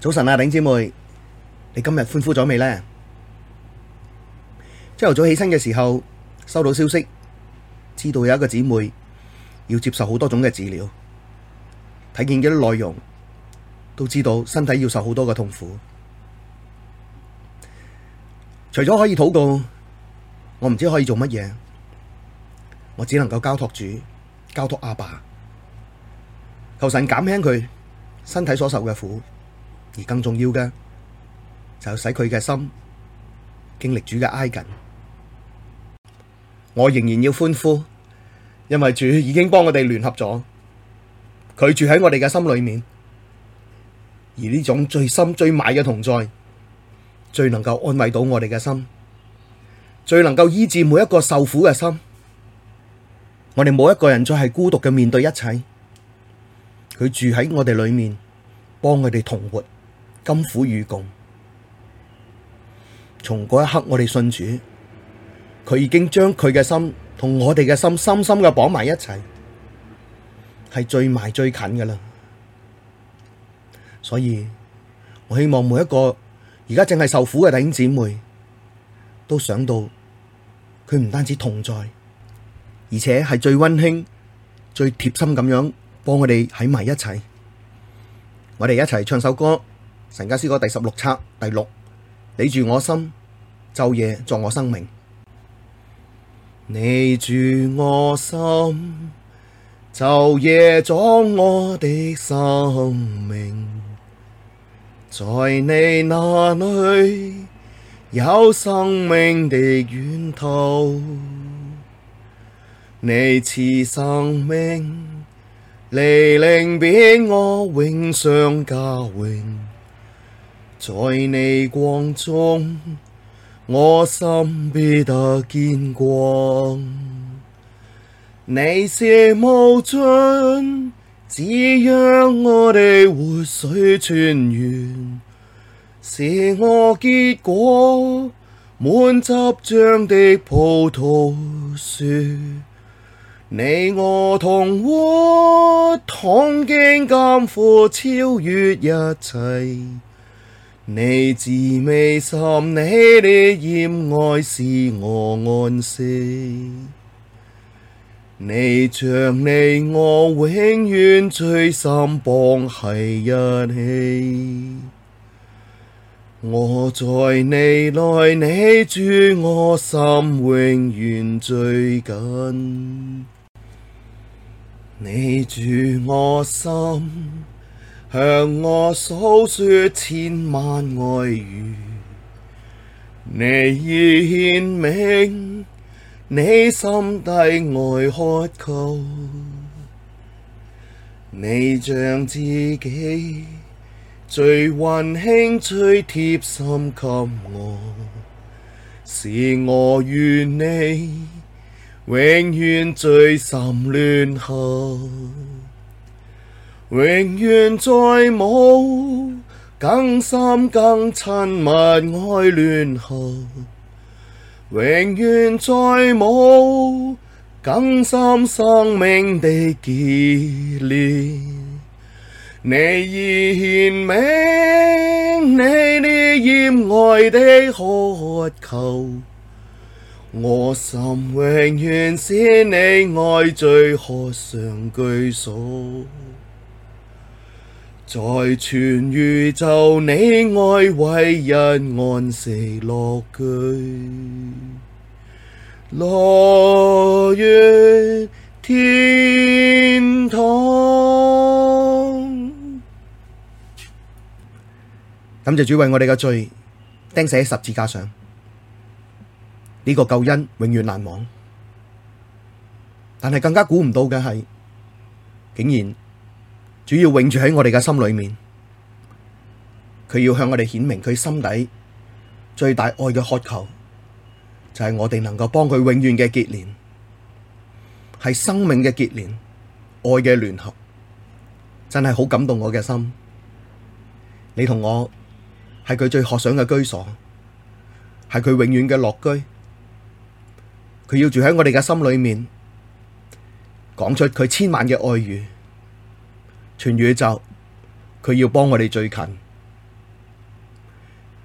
早晨啊，頂姐妹，你今日歡呼咗未呢？朝頭早起身嘅時候收到消息，知道有一個姐妹要接受好多種嘅治療，睇見嘅啲內容，都知道身體要受好多嘅痛苦。除咗可以禱告，我唔知可以做乜嘢，我只能夠交託主，交託阿爸，求神減輕佢身體所受嘅苦。而更重要嘅就使佢嘅心經歷主嘅挨緊，我仍然要歡呼，因為主已經幫我哋聯合咗，佢住喺我哋嘅心裏面，而呢種最深最埋嘅同在，最能夠安慰到我哋嘅心，最能夠醫治每一個受苦嘅心，我哋冇一個人再係孤獨嘅面對一切，佢住喺我哋裏面，幫我哋同活。甘苦與共，從嗰一刻我哋信主，佢已經將佢嘅心同我哋嘅心深深嘅綁埋一齊，係最埋最近㗎喇。所以我希望每一個而家正係受苦嘅弟兄姊妹，都想到佢唔單止同在，而且係最溫馨、最貼心咁樣幫我哋喺埋一齊。我哋一齊唱首歌。神家詩歌第十六冊第六，你住我心，晝夜作我生命。你住我心，晝夜作我的生命，在你那裏有生命的源頭。你賜生命，你靈變我榮上加榮。在你光中，我心必得見光。你是無盡，滋養我的活水泉源，使我結果滿汁漿的葡萄樹。你我同活，同經甘苦，超越一切。你至美心，你烈焰愛是我安息。你將你我永遠最深綁繫一起，我在你內，你住我心，永遠最近。你住我心。向我訴說千萬愛語，你已顯明，你心底愛渴求，你將自己最溫馨最貼心給我，使我與你永遠最深聯合。永遠再冇更深更親密愛聯合，永遠再冇更深生命的結連。你已顯明你烈焰愛的渴求，我心永遠是你愛最渴想居所。在全宇宙，你愛惟一安息樂居，樂園天堂！感謝主為我哋嘅罪釘死喺十字架上，呢個救恩永遠難忘。但係更加估唔到嘅係，竟然。主要永住喺我哋嘅心裏面，佢要向我哋顯明佢心底最大愛嘅渴求，就係、是、我哋能夠幫佢永遠嘅結連，係生命嘅結連，愛嘅聯合，真係好感動我嘅心。你同我係佢最渴想嘅居所，係佢永遠嘅樂居。佢要住喺我哋嘅心裏面，講出佢千萬嘅愛語。全宇宙，佢要幫我哋最近，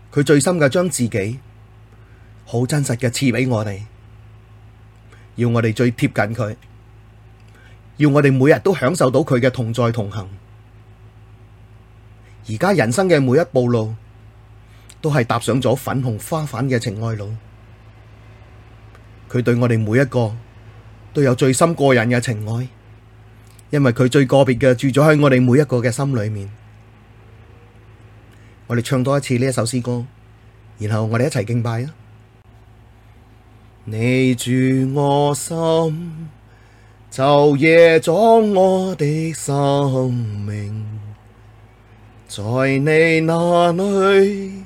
佢最深嘅將自己好真實嘅賜俾我哋，要我哋最貼近佢，要我哋每日都享受到佢嘅同在同行。而家人生嘅每一步路，都係踏上咗粉紅花瓣嘅情愛路。佢對我哋每一個都有最深過人嘅情愛。因為佢最個別嘅住咗喺我哋每一個嘅心裏面，我哋唱多一次呢一首詩歌，然後我哋一齊敬拜啊！ 你住我心，晝夜作我的生命，在你那裏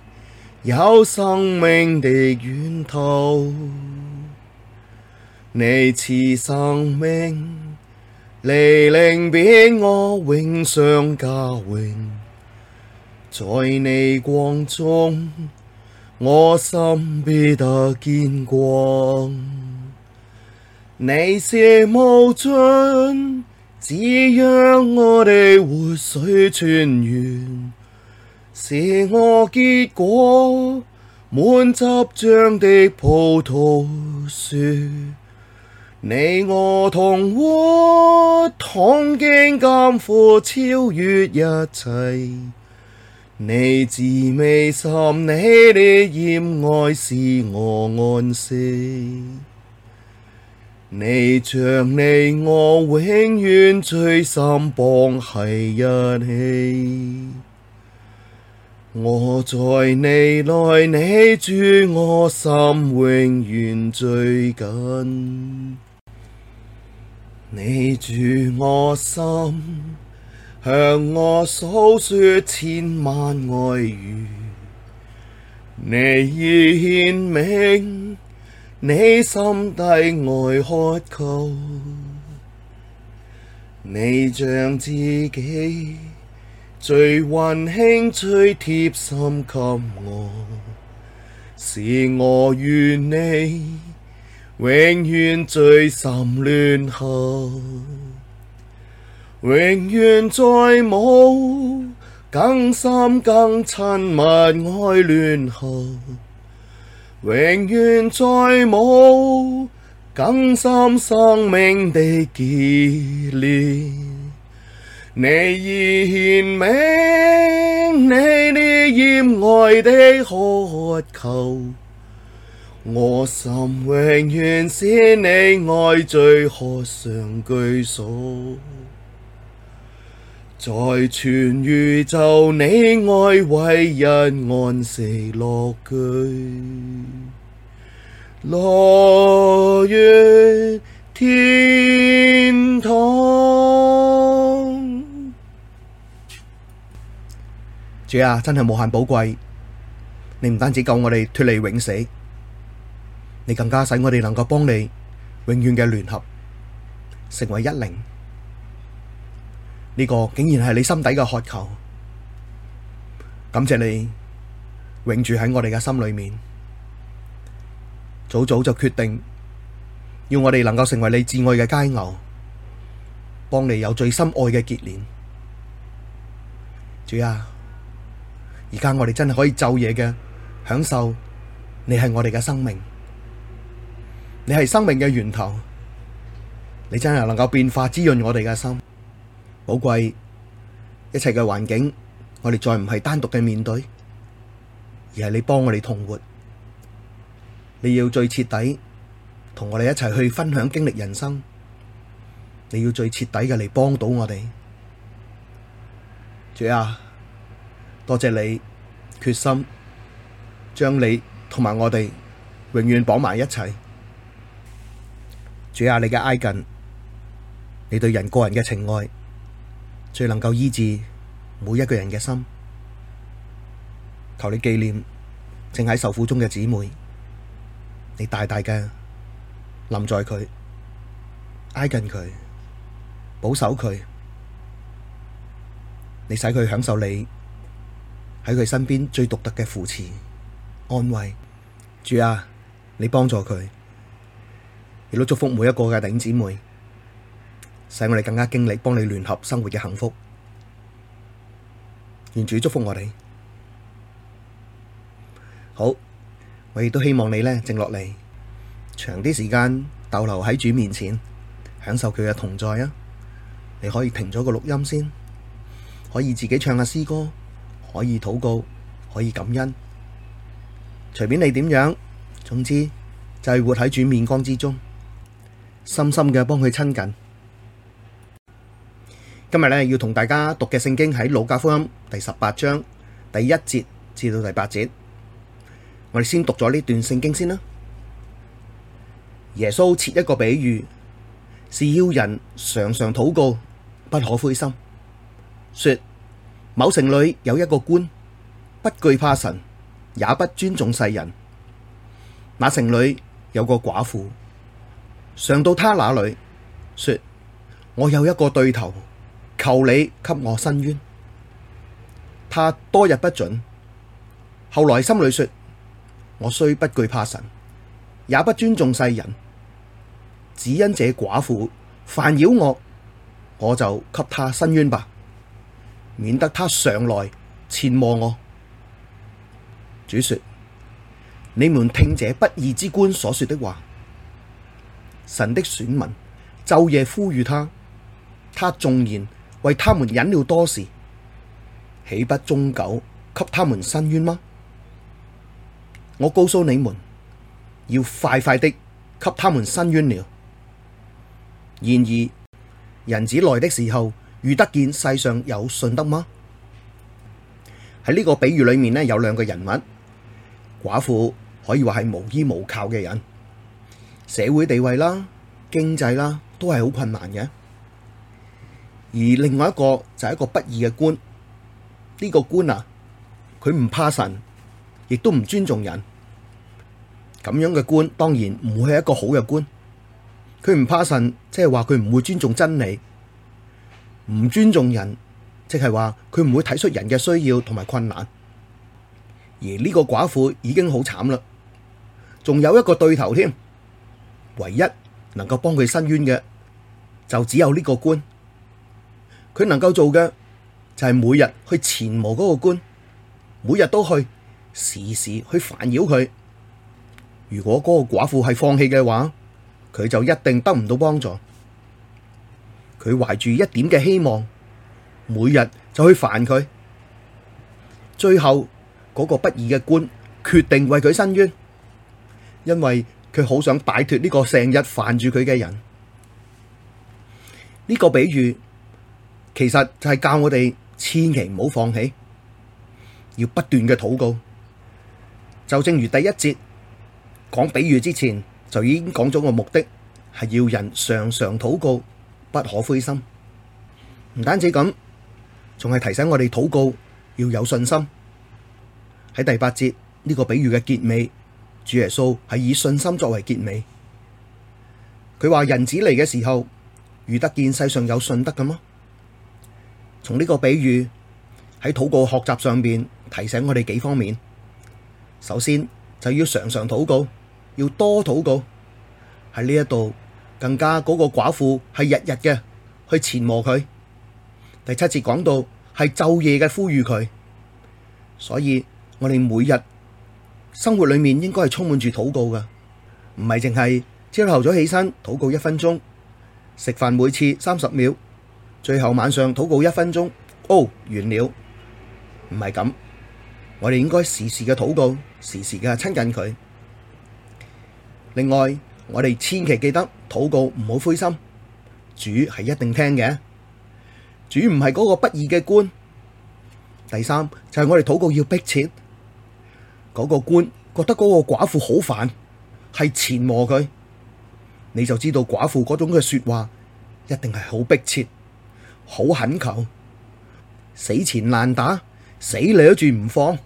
有生命的源頭，你賜生命。祢令俾我榮上加榮，在祢光中，我心必得見光。祢是無盡，滋養我哋活水泉源，使我結果滿汁漿的葡萄樹。你我同活，同經甘苦，超越一切。你至美心，你你烈焰愛是我安息。你將你我永遠最深綁繫一起。我在你內，你住我心永遠，永遠最近。你住我心，向我訴說千萬愛語。你已顯明，你心底愛渴求。你將自己，最溫馨最貼心給我，是我與你，永遠最深聯合，永遠再冇更深更親密愛聯合，永遠再冇更深生命的結連。你已顯明，你呢烈焰愛的渴求。我心永遠是你愛最渴想居所，在全宇宙你愛惟一安息樂居，樂園天堂。主啊，真係無限寶貴，你唔單止救我哋脫離永死。你更加使我哋能夠幫你永遠嘅聯合成為一靈呢、這個，竟然係你心底嘅渴求。感謝你永住喺我哋嘅心裏面，早早就決定要我哋能夠成為你至愛嘅佳牛，幫你有最深愛嘅結連。主啊，而家我哋真係可以晝夜嘅享受你係我哋嘅生命。你係生命嘅源頭，你真係能夠變化滋潤我哋嘅心。寶貴一切嘅環境，我哋再唔係單獨嘅面對，而係你幫我哋同活。你要最徹底同我哋一齊去分享經歷人生，你要最徹底嘅嚟幫到我哋。主啊，多謝你決心將你同埋我哋永遠綁埋一齊。主啊，你嘅挨近，你對人個人嘅情愛，最能夠醫治每一個人嘅心。求你紀念正喺受苦中嘅姊妹，你大大嘅臨在佢，挨近佢，保守佢，你使佢享受你喺佢身邊最獨特嘅扶持，安慰。主啊，你幫助佢。亦都祝福每一個嘅弟兄姊妹，使我哋更加經歷，幫你聯合生活嘅幸福。願主祝福我哋。好，我亦都希望你呢靜落嚟，長啲時間逗留喺主面前，享受佢嘅同在啊！你可以停咗個錄音先，可以自己唱下詩歌，可以禱告，可以感恩，隨便你點樣。總之就係活喺主面光之中。深深嘅幫佢親近。今日呢，要同大家讀嘅聖經喺《路加福音》第十八章第一節至到第八節，我哋先讀咗呢段聖經先啦。耶穌設一個比喻，是要人常常禱告，不可灰心。說，某城裡有一個官，不懼怕神，也不尊重世人。那城裡有個寡婦。上到他那裏，說：我有一個對頭，求你給我伸冤。他多日不准，後來心裏說：我雖不懼怕神，也不尊重世人，只因這寡婦煩擾我，我就給他伸冤吧，免得他上來纏磨我。主說：你們聽這不義之官所說的話。神的選民晝夜呼籲他，他縱然為他們忍了多時，豈不終久給他們伸冤嗎？我告訴你們，要快快的給他們伸冤了。然而，人子來的時候，遇得見世上有信德嗎？喺呢個比喻裏面呢，有兩個人物，寡婦可以話係無依無靠嘅人。社會地位啦、經濟啦，都係好困難嘅。而另外一個就係、是、一個不義嘅官，呢、這個官啊，佢唔怕神，亦都唔尊重人。咁樣嘅官當然唔會係一個好嘅官。佢唔怕神，即係話佢唔會尊重真理，唔尊重人，即係話佢唔會睇出人嘅需要同埋困難。而呢個寡婦已經好慘啦，仲有一個對頭添。唯一能夠幫佢伸冤嘅，就只有呢個官。佢能夠做嘅，就係、是、每日去纏磨嗰個官，每日都去，時時去煩擾佢。如果嗰個寡婦係放棄嘅話，佢就一定得唔到幫助。佢懷住一點嘅希望，每日就去煩佢。最後嗰、那個不義嘅官決定為佢伸冤，因為。佢好想擺脫呢個成日煩住佢嘅人，呢個比喻其實就係教我哋千祈唔好放棄，要不斷嘅禱告。就正如第一節講比喻之前，就已經講咗個目的，係要人常常禱告，不可灰心。唔單止咁，仲係提醒我哋禱告要有信心。喺第八節呢個比喻嘅結尾。主耶穌係以信心作為結尾。佢話人子嚟嘅時候，遇得見世上有信德㗎嘛。從呢個比喻喺禱告學習上邊，提醒我哋幾方面。首先就要常常禱告，要多禱告。喺呢一度，更加嗰個寡婦係日日嘅去纏磨佢。第七節講到係晝夜嘅呼籲佢。所以我哋每日。生活裏面應該係充滿住禱告噶唔係淨係朝頭早起身禱告一分鐘，食飯每次三十秒，最後晚上禱告一分鐘。哦，完了，唔係咁，我哋應該時時嘅禱告，時時嘅親近佢。另外，我哋千祈記得禱告唔好灰心，主係一定聽嘅，主唔係嗰個不義嘅官。第三就係、是、我哋禱告要逼切。嗰個官覺得嗰個寡婦好煩，係纏磨佢，你就知道寡婦嗰種嘅說話一定係好迫切，好懇求，死纏爛打，死你都住唔放，呢，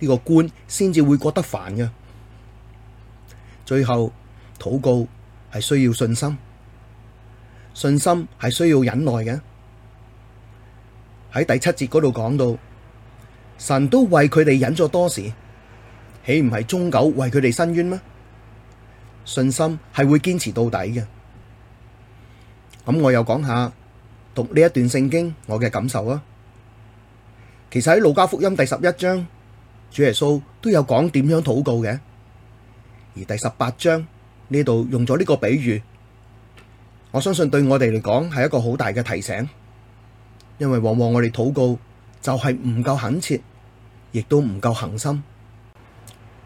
這個官先至會覺得煩噶。最後禱告係需要信心，信心係需要忍耐嘅。喺第七節嗰度講到，神都為佢哋忍咗多時。豈唔係終久為佢哋申冤咩？信心係會堅持到底嘅。咁我又講下讀呢一段聖經我嘅感受啊。其實喺《路加福音》第十一章，主耶穌都有講點樣禱告嘅。而第十八章呢度用咗呢個比喻，我相信對我哋嚟講係一個好大嘅提醒，因為往往我哋禱告就係唔夠懇切，亦都唔夠恒心。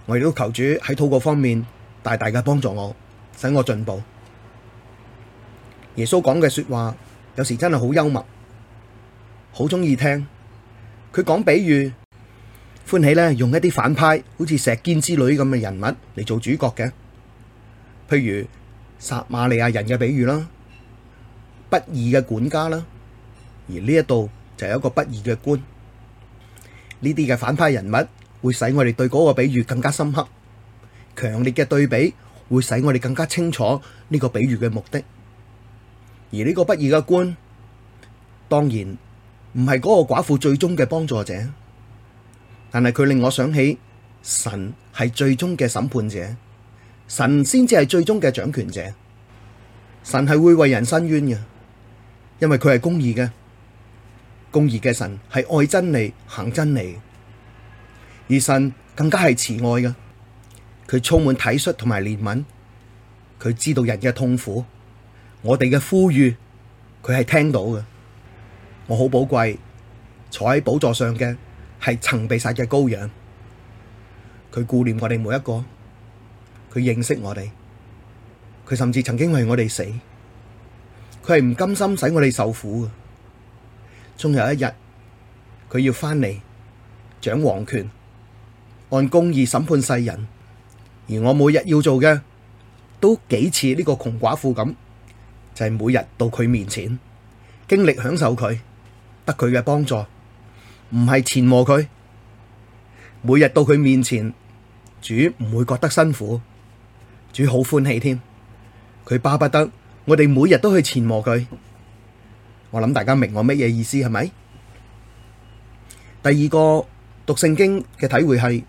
我亦都求主喺禱告方面大大嘅幫助我，使我進步。耶穌講嘅說話有時真係好幽默，好中意聽。佢講比喻，歡喜咧用一啲反派，好似石堅之類咁嘅人物嚟做主角嘅，譬如撒瑪利亞人嘅比喻啦，不義嘅管家啦，而呢一度就有一個不義嘅官，呢啲嘅反派人物。會使我哋對嗰個比喻更加深刻，強烈嘅對比會使我哋更加清楚呢個比喻嘅目的。而呢個不義嘅官，當然唔係嗰個寡婦最終嘅幫助者，但係佢令我想起神係最終嘅審判者，神先至係最終嘅掌權者，神係會為人伸冤嘅，因為佢係公義嘅，公義嘅神係愛真理、行真理。以神更加係慈愛嘅，佢充滿體恤同埋憐憫，佢知道人嘅痛苦，我哋嘅呼籲，佢係聽到嘅。我好寶貴，坐喺寶座上嘅係曾被殺嘅羔羊，佢顧念我哋每一個，佢認識我哋，佢甚至曾經為我哋死，佢係唔甘心使我哋受苦嘅，終有一日佢要翻嚟掌皇權。按公義審判世人，而我每日要做嘅，都幾似呢個窮寡婦咁，就係、是、每日到佢面前，經歷享受佢，得佢嘅幫助，唔係纏磨佢。每日到佢面前，主唔會覺得辛苦，主好歡喜添。佢巴不得我哋每日都去纏磨佢。我諗大家明我乜嘢意思，係咪？第二個讀聖經嘅體會係。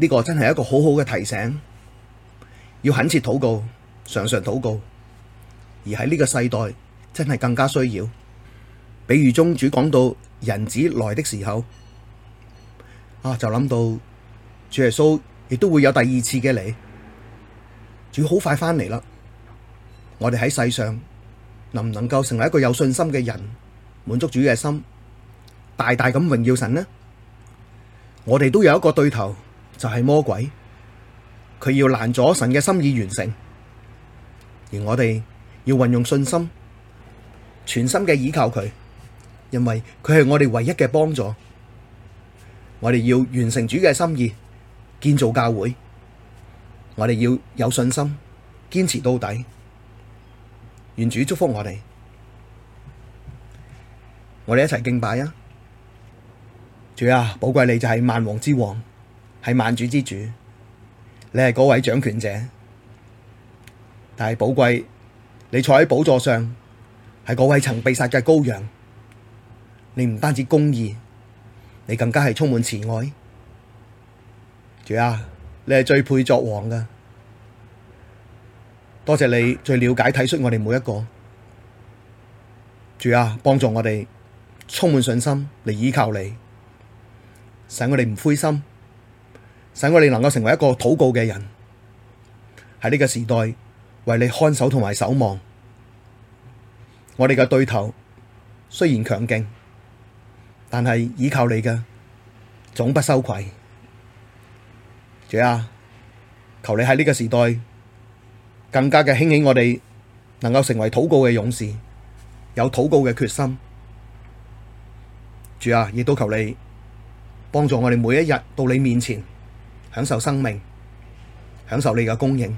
呢個真係一個好好嘅提醒，要懇切禱告，常常禱告。而喺呢個世代，真係更加需要。比喻中主講到人子來的時候，啊就諗到主耶穌亦都會有第二次嘅嚟。主好快返嚟啦。我哋喺世上能唔能夠成為一個有信心嘅人，滿足主嘅心，大大咁榮耀神呢？我哋都有一個對頭。就係魔鬼，佢要攔阻神嘅心意完成，而我哋要運用信心，全心嘅倚靠佢，因為佢係我哋唯一嘅幫助。我哋要完成主嘅心意，建造教會。我哋要有信心，堅持到底，願主祝福我哋。我哋一齊敬拜啊！主啊，寶貴你就係萬王之王。係萬主之主，你係嗰位掌權者，但係寶貴，你坐喺寶座上，係嗰位曾被殺嘅羔羊。你唔單止公義，你更加係充滿慈愛。主啊，你係最配作王嘅，多謝你最了解體恤我哋每一個。主啊，幫助我哋充滿信心嚟依靠你，使我哋唔灰心。使我哋能夠成為一個禱告嘅人，喺呢個時代為你看守同埋守望。我哋嘅對頭雖然強勁，但係依靠你嘅總不羞愧。主啊，求你喺呢個時代更加嘅興起我哋，能夠成為禱告嘅勇士，有禱告嘅決心。主啊，亦都求你幫助我哋每一日到你面前，享受生命，享受你嘅供應，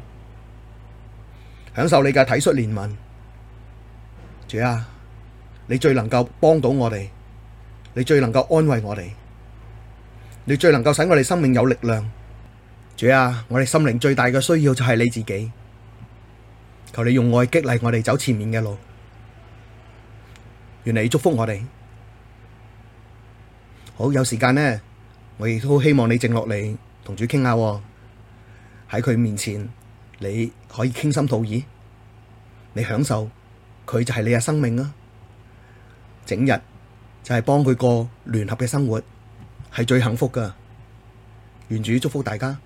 享受你嘅體恤憐憫，主啊，你最能夠幫到我哋，你最能夠安慰我哋，你最能夠使我哋生命有力量，主啊，我哋心靈最大嘅需要就係你自己，求你用愛激勵我哋走前面嘅路，願你祝福我哋，好，有時間呢，我亦都好希望你靜落嚟。同主傾下，喺佢面前你可以傾心吐意，你享受佢就係你嘅生命啊！整日就係幫佢過聯合嘅生活，係最幸福噶。願主祝福大家。